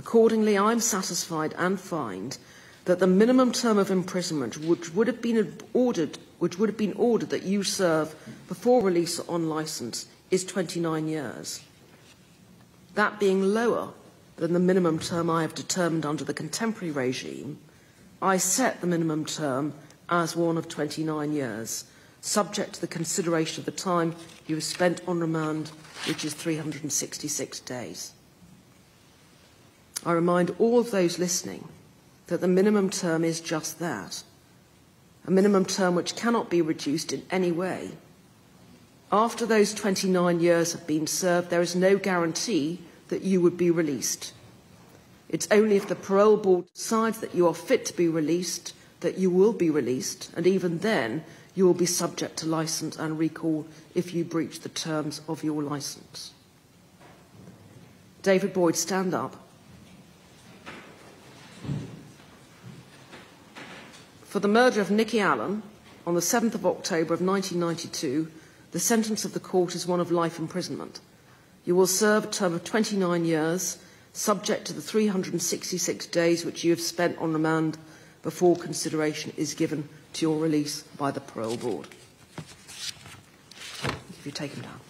Accordingly, I'm satisfied and find that the minimum term of imprisonment which would have been ordered, which would have been ordered that you serve before release on licence is 29 years. That being lower than the minimum term I have determined under the contemporary regime, I set the minimum term as one of 29 years, subject to the consideration of the time you have spent on remand, which is 366 days. I remind all of those listening that the minimum term is just that a minimum term which cannot be reduced in any way. After those 29 years have been served, there is no guarantee that you would be released. It's only if the parole board decides that you are fit to be released that you will be released, and even then, you will be subject to license and recall if you breach the terms of your license. David Boyd, stand up. For the murder of Nicky Allen on the 7th of October of 1992, the sentence of the court is one of life imprisonment. You will serve a term of 29 years, subject to the 366 days which you have spent on remand before consideration is given to your release by the parole board. If you take him down.